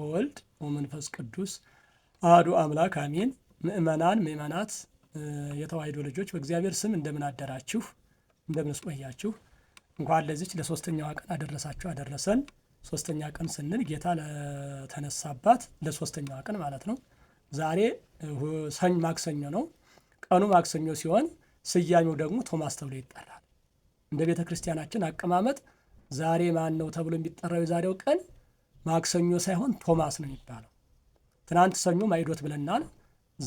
ወወልድ ወመንፈስ ቅዱስ አህዱ አምላክ አሜን። ምእመናን ምእመናት፣ የተዋሕዶ ልጆች በእግዚአብሔር ስም እንደምን አደራችሁ፣ እንደምን ስቆያችሁ። እንኳን ለዚች ለሶስተኛዋ ቀን አደረሳችሁ አደረሰን። ሶስተኛ ቀን ስንል ጌታ ለተነሳባት ለሶስተኛዋ ቀን ማለት ነው። ዛሬ ሰኝ ማክሰኞ ነው። ቀኑ ማክሰኞ ሲሆን ስያሜው ደግሞ ቶማስ ተብሎ ይጠራል። እንደ ቤተ ክርስቲያናችን አቀማመጥ ዛሬ ማን ነው ተብሎ የሚጠራው የዛሬው ቀን ማክሰኞ ሳይሆን ቶማስ ነው የሚባለው። ትናንት ሰኞ ማይዶት ብለናል።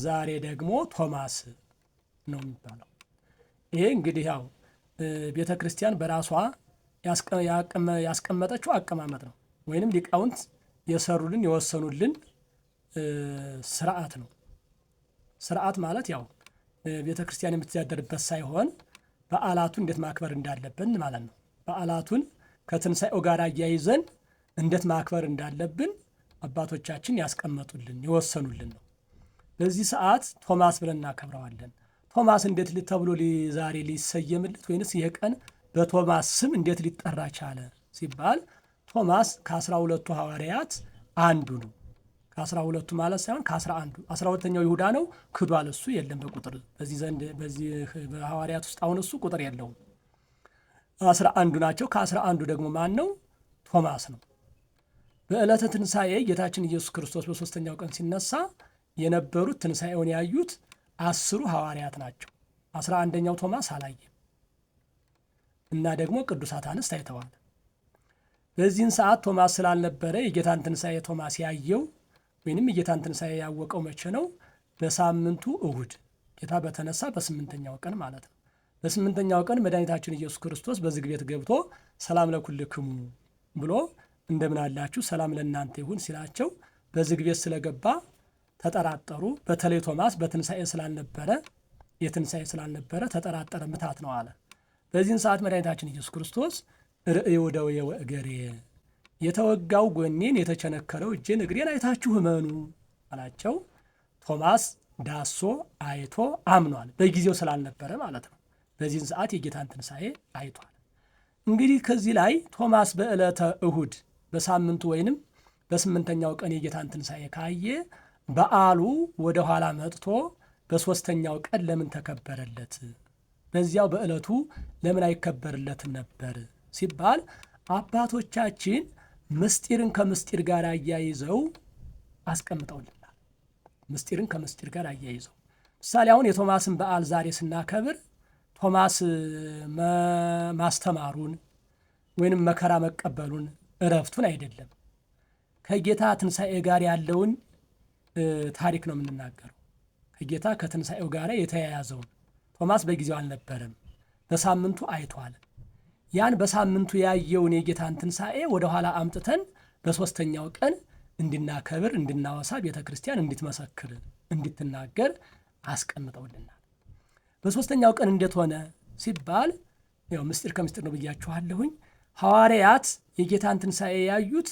ዛሬ ደግሞ ቶማስ ነው የሚባለው። ይሄ እንግዲህ ያው ቤተ ክርስቲያን በራሷ ያስቀመጠችው አቀማመጥ ነው፣ ወይንም ሊቃውንት የሰሩልን የወሰኑልን ስርዓት ነው። ስርዓት ማለት ያው ቤተ ክርስቲያን የምትተዳደርበት ሳይሆን በዓላቱን እንዴት ማክበር እንዳለብን ማለት ነው። በዓላቱን ከትንሣኤው ጋር አያይዘን እንዴት ማክበር እንዳለብን አባቶቻችን ያስቀመጡልን የወሰኑልን ነው። በዚህ ሰዓት ቶማስ ብለን እናከብረዋለን። ቶማስ እንዴት ተብሎ ዛሬ ሊሰየምለት ወይንስ ይህ ቀን በቶማስ ስም እንዴት ሊጠራ ቻለ ሲባል ቶማስ ከአስራ ሁለቱ ሐዋርያት አንዱ ነው። ከአስራ ሁለቱ ማለት ሳይሆን ከአስራ አንዱ አስራ ሁለተኛው ይሁዳ ነው። ክዷል። እሱ የለም በቁጥር በዚህ ዘንድ በዚህ በሐዋርያት ውስጥ አሁን እሱ ቁጥር የለውም። አስራ አንዱ ናቸው። ከአስራ አንዱ ደግሞ ማን ነው? ቶማስ ነው። በዕለተ ትንሣኤ ጌታችን ኢየሱስ ክርስቶስ በሦስተኛው ቀን ሲነሳ የነበሩት ትንሣኤውን ያዩት አስሩ ሐዋርያት ናቸው። አስራ አንደኛው ቶማስ አላየም እና ደግሞ ቅዱሳት አንስት አይተዋል። በዚህን ሰዓት ቶማስ ስላልነበረ የጌታን ትንሣኤ ቶማስ ያየው ወይንም የጌታን ትንሣኤ ያወቀው መቼ ነው? በሳምንቱ እሁድ ጌታ በተነሳ በስምንተኛው ቀን ማለት ነው። በስምንተኛው ቀን መድኃኒታችን ኢየሱስ ክርስቶስ በዝግ ቤት ገብቶ ሰላም ለኩልክሙ ብሎ እንደምን አላችሁ ሰላም ለእናንተ ይሁን ሲላቸው በዝግ ቤት ስለገባ ተጠራጠሩ። በተለይ ቶማስ በትንሣኤ ስላልነበረ የትንሣኤ ስላልነበረ ተጠራጠረ፣ ምታት ነው አለ። በዚህን ሰዓት መድኃኒታችን ኢየሱስ ክርስቶስ ርእይ ወደው የወእገሬ የተወጋው ጎኔን የተቸነከረው እጄን እግሬን አይታችሁ እመኑ አላቸው። ቶማስ ዳሶ አይቶ አምኗል። በጊዜው ስላልነበረ ማለት ነው። በዚህን ሰዓት የጌታን ትንሣኤ አይቷል። እንግዲህ ከዚህ ላይ ቶማስ በዕለተ እሁድ በሳምንቱ ወይንም በስምንተኛው ቀን የጌታን ትንሣኤ ካየ በዓሉ ወደ ኋላ መጥቶ በሦስተኛው ቀን ለምን ተከበረለት? በዚያው በዕለቱ ለምን አይከበርለትም ነበር ሲባል አባቶቻችን ምስጢርን ከምስጢር ጋር አያይዘው አስቀምጠውልናል። ምስጢርን ከምስጢር ጋር አያይዘው ምሳሌ አሁን የቶማስን በዓል ዛሬ ስናከብር ቶማስ ማስተማሩን ወይንም መከራ መቀበሉን እረፍቱን አይደለም ከጌታ ትንሣኤ ጋር ያለውን ታሪክ ነው የምንናገረው። ከጌታ ከትንሣኤው ጋር የተያያዘውን ቶማስ በጊዜው አልነበረም፣ በሳምንቱ አይቷል። ያን በሳምንቱ ያየውን የጌታን ትንሣኤ ወደኋላ አምጥተን በሦስተኛው ቀን እንድናከብር እንድናወሳ ቤተ ክርስቲያን እንድትመሰክር እንድትናገር አስቀምጠውልናል። በሦስተኛው ቀን እንዴት ሆነ ሲባል ያው ምስጢር ከምስጢር ነው ብያችኋለሁኝ። ሐዋርያት የጌታን ትንሣኤ ያዩት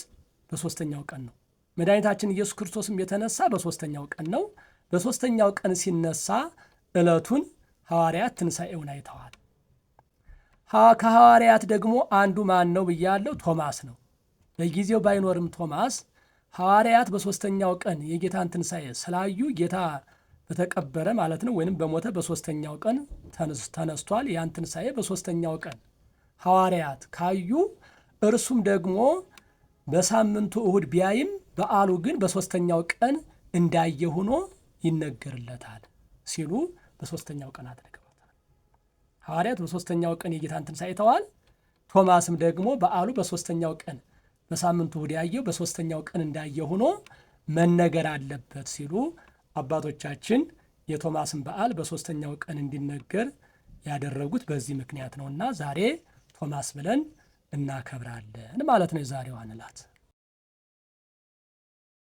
በሦስተኛው ቀን ነው። መድኃኒታችን ኢየሱስ ክርስቶስም የተነሳ በሦስተኛው ቀን ነው። በሦስተኛው ቀን ሲነሳ ዕለቱን ሐዋርያት ትንሣኤውን አይተዋል። ከሐዋርያት ደግሞ አንዱ ማን ነው ብያለው? ቶማስ ነው። በጊዜው ባይኖርም ቶማስ ሐዋርያት በሦስተኛው ቀን የጌታን ትንሣኤ ስላዩ ጌታ በተቀበረ ማለት ነው ወይንም በሞተ በሦስተኛው ቀን ተነስቷል። ያን ትንሣኤ በሦስተኛው ቀን ሐዋርያት ካዩ እርሱም ደግሞ በሳምንቱ እሁድ ቢያይም በዓሉ ግን በሦስተኛው ቀን እንዳየ ሆኖ ይነገርለታል ሲሉ በሦስተኛው ቀን አድርገውታል። ሐዋርያት በሦስተኛው ቀን የጌታን ትንሣኤ አይተዋል። ቶማስም ደግሞ በዓሉ በሦስተኛው ቀን በሳምንቱ እሁድ ያየው በሦስተኛው ቀን እንዳየ ሆኖ መነገር አለበት ሲሉ አባቶቻችን የቶማስን በዓል በሦስተኛው ቀን እንዲነገር ያደረጉት በዚህ ምክንያት ነውና ዛሬ ቶማስ ብለን እናከብራለን ማለት ነው የዛሬዋ ዕለት።